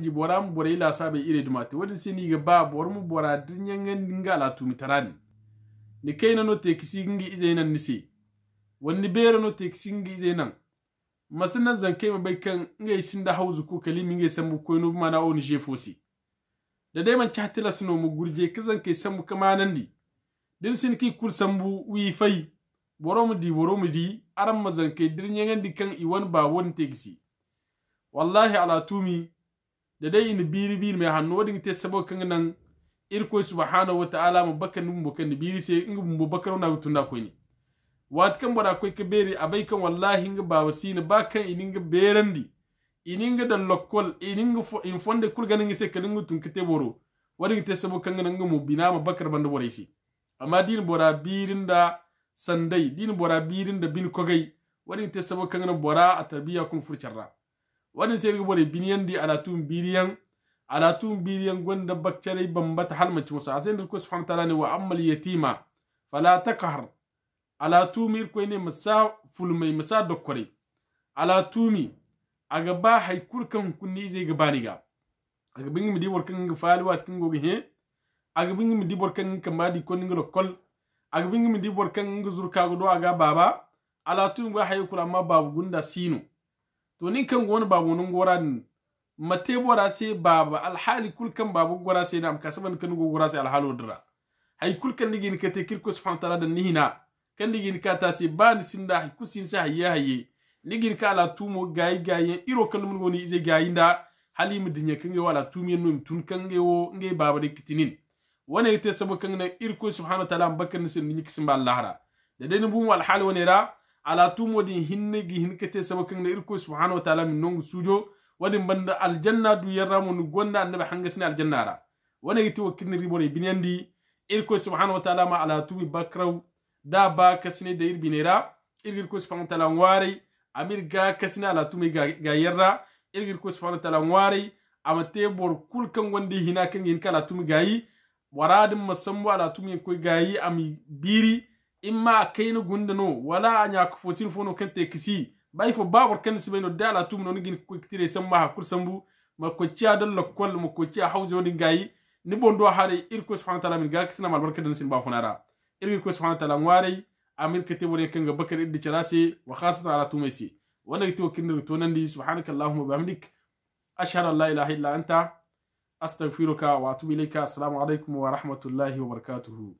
ji bora mu bora ila sabe ire dumate wodi sini ga ba bor mu bora dinyanga dinga la tumi tarani ni kaina no te kisingi ize nan nisi wani bera no te kisingi ize nan zan kai ma bai kan ngai sin da hauzu ko kalimi ngai san mu ko no mana on je fosi da dai man chatila sino mu gurje kizan kai san mu kama nan di din sin ki kursan bu wi fai boro mu di boro mu di kai mazanke dirnyengan di kan iwan ba won kisi wallahi ala tumi da dai yi biri biri mai hannu wadin ta sabo kan nan irko subhanahu wa ta'ala mu bakan mu bakan biri sai in mu bakar na tunda ko ni wat kan bara ka ke beri abai kan wallahi ga ba wasini ba kan ininga berandi ga da lokol inin ga in fonde kul ganin sai kan ngu tun kite boro wadin ta sabo kan nan mu bina mu bakar banda bore si amma din bora birin da sandai din bora birin da bin kogai wadin ta sabo kan nan bora a tarbiya kun furcarra wannan sai ga bore biniyan di alatun tum biriyan ala gwanda biriyan gonda bakcare bambata halmanci musa asen da ko subhanahu ta'ala ne wa ammal yatima fala taqhar ala tumir ko ne masa fulmai masa dokkore alatumi a gaba ba hay kunni zai ga baniga aga bingi midi kan ga faluwa kan goge he a bingi midi workan kan madi ko ninga a aga bingi midi kan ga zurka go a ga baba alatumi ba haikur amma babu gunda sinu to ni kan gona babu nun gora din mate bora se baba alhali kul kan babu gora se nam kasaban kan go gora se alhalo dira hay kul kan digin ka te kirko subhanahu ta'ala dan nihina kan digin ka ta se ni sinda kusin sa haye haye nigin ka ala tumo gayi gayi iro kan mun goni ize gayi da hali dinya kan ge wala tumi num tun kan ge wo nge baba de kitinin wane ite sabu kan na irko subhanahu ta'ala bakan sin ni kisin ba allahra da dai bu mu alhali wane ra ala tumodin hinnegi hinkete sabakan da irko subhanahu wa ta'ala min nongu sujo wadin banda aljanna du yarramu nu gonda annabi hangasini aljanna ra wani giti wakilni ribore binyandi irko subhanahu wa ta'ala ma ala tumi bakraw da ba kasine da irbinera irgir ko subhanahu wa ta'ala wari amir ga kasine ala tumi ga yarra irgir ko subhanahu wa ta'ala wari amate bor kulkan wanda hina kan yin kala tumi gayi waradin masambu ala tumi ko gayi ami biri imma kayni gundano wala anya ko fosin fono kante kisi bay fo babor kan sibeno dala tum non gin ko tire samma hakul sambu ma ko ciya dal lokol ma ko ciya hawzi woni gayi ni bondo hare irko subhanahu ta'ala min ga kisna mal barkadan sin ba funara irko subhanahu ta'ala ngwari amir kete woni kan ga bakar iddi cirase wa khasatan ala tumaisi wanda kito kinir to nan di subhanaka allahumma bihamdik ashhadu an la ilaha illa anta astaghfiruka wa atubu ilayka assalamu alaikum wa rahmatullahi wa barakatuh